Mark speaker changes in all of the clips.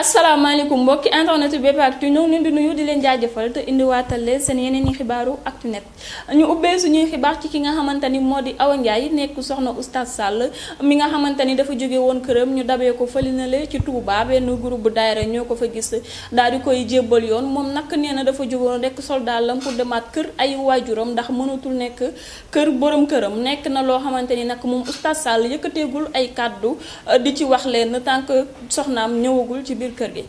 Speaker 1: asalaamaaleykum mbokki internet BP Actu ñoo ngi leen di nuyu di leen jaajëfal te indiwaatal seen yeneen i xibaaru Actu Net ñu ubbee suñuy xibaar ci ki nga xamante ni moo di Awa Ndiaye nekk soxna Oustaz mi nga xamante ni dafa jóge woon këram ñu dabee ko fële na le ci Touba benn groupe bu daayira ñoo ko fa gis daal di koy jébbal yoon moom nag nee na dafa jógoon rekk soldat lam pour demaat kër ay waajuram ndax mënatul nekk kër borom këram nekk na loo xamante ni nag moom Oustaz Sall yëkkateegul ay kàddu di ci wax leen tant que soxnaam ñëwagul ci biir biir kër gi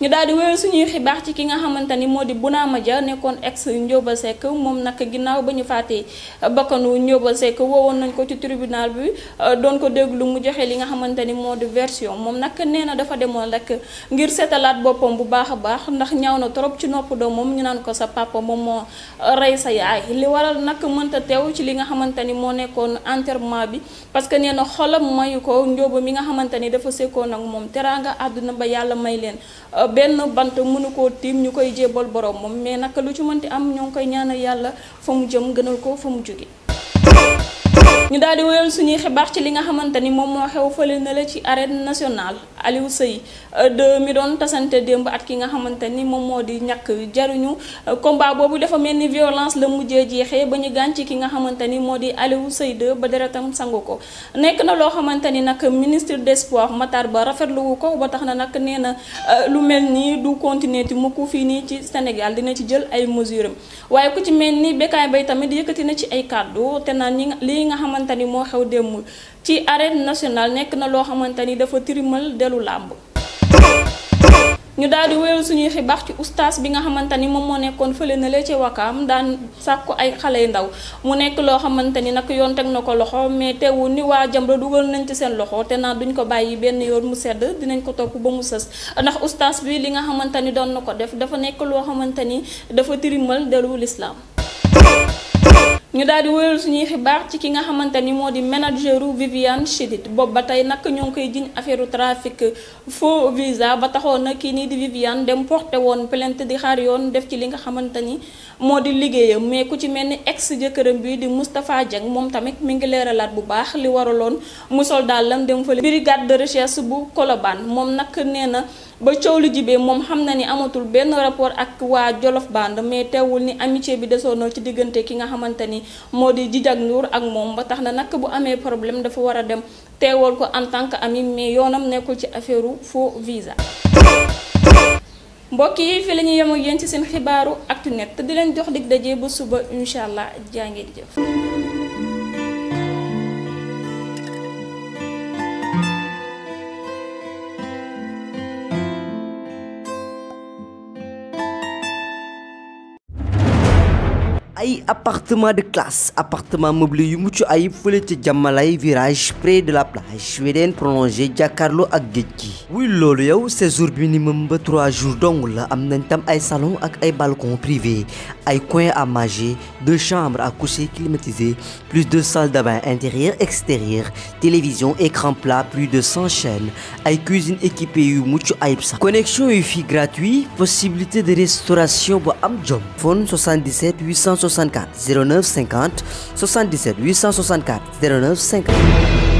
Speaker 1: ñu daal di wéyal suñuy xibaax ci ki nga xamante ni moo di Bounama Dia nekkoon ex Ndiobal Seck moom nag ginnaaw ba ñu faatee bakkanu Ndiobal Seck woowoon nañ ko ci tribunal bi doon déglu mu joxe li nga xamante ni moo di version moom nag nee na dafa demoon rek ngir seetalaat boppam bu baax a baax ndax ñaaw na trop ci nopp doomam ñu naan ko sa papa moom moo rey sa yaay li waral nag mënta teew ci li nga xamante ni moo nekkoon enterrement bi parce que nee na xolam mayu ko Ndioba mi nga xamante ni dafa sekkoon ak moom teraanga àdduna ba yàlla may leen benn bant mënu koo tiim ñu koy jébbal borom moom mais naka lu ci mënti am ñoo ngi koy ñaanal yàlla fa mu jëm gënal ko fa mu jóge ñu daal di wéyal suñuy xibaar ci li nga xamante ni moom moo xew fa na la ci arène nationale Aliou Seye euh, de mi doon tasante démb at ki nga xamante ni moom moo di ñàkk jaruñu euh, combat boobu dafa mel ni violence la mujjee jeexee ba ñu gaañ ki nga xamante ni moo di Aliou Seye de ba deretam sangu ko nekk na loo xamante ni nag ministre des sports Matar Ba rafetlu wu ko ba tax na nag nee na euh, lu mel nii du continuer ti mukk fii nii ci Sénégal dina ci jël ay mesures waaye ku ci mel ni Bécaye Mbaye tamit yëkkati na ci ay kàddu te naa ñi lii nga xamante ni moo xew démb ci arène nationale nekk na loo xamante ni dafa tirimal delu làmb ñu daal di wéyal suñuy xibaar ci ustaas bi nga xamante ni moom moo nekkoon fële na le ci wakaam daan sàkku ay xale yu ndaw mu nekk loo xamante ni nag yoon teg na ko loxo mais teewul ni waa Jamra dugal nañ ci seen loxo te naa duñ ko bàyyi benn yoon mu sedd dinañ ko topp ba mu sës ndax ustaas bi li nga xamante ni doon na ko def dafa nekk loo xamante ni dafa tirimal delu lislaam ñu daal di wéyal suñuy xibaar ci ki nga xamante ni moo di manageru Viviane Chidid boobu ba tey nag ñoo ngi koy jiñ affaire trafic foo visa ba taxoon na kii nii di Viviane dem porte woon plainte di xaar yoon def ci li nga xamante ni moo di liggéeyam mais ku ci mel ni ex jëkkëram bi di Moustapha Dieng moom tamit mi ngi leeralaat bu baax li waraloon mu sol dàllam dem fële brigade de recherche bu Colobane moom nag nee na ba coow lu jibee moom xam na ni amatul benn rapport ak waa Jolof Band mais teewul ni amitié bi desoon na ci diggante ki nga xamante ni moo di Djidjack Ndour ak moom ba tax na nag bu amee problème dafa war a dem teewal ko en tant que ami mais yoonam nekkul ci affaire faux visa. mbokk yi fi la ñuy yem yéen ci seen xibaaru Actunet te di leen jox dig daje ba suba incha allah jaa ngeen jëf.
Speaker 2: ay appartement de classe appartement meublé yu mucc ay fële ca jàmmalay virage près de la plage wedeen prolongé jàkkaarloo ak géej gi wuy loolu yow séjour bi minimum ba trois jours dong la am nañ tam ay salon ak ay balcon privé ay coin à manger deux chambres à coucher climatisées plus de salle de bain intérieur extérieur télévision écran plat plus de cent chaînes ay cuisine équipée yu mucc ay sax connexion yu fi gratuit possibilité de restauration bu am jom phone 864 09 50 77 864 09 50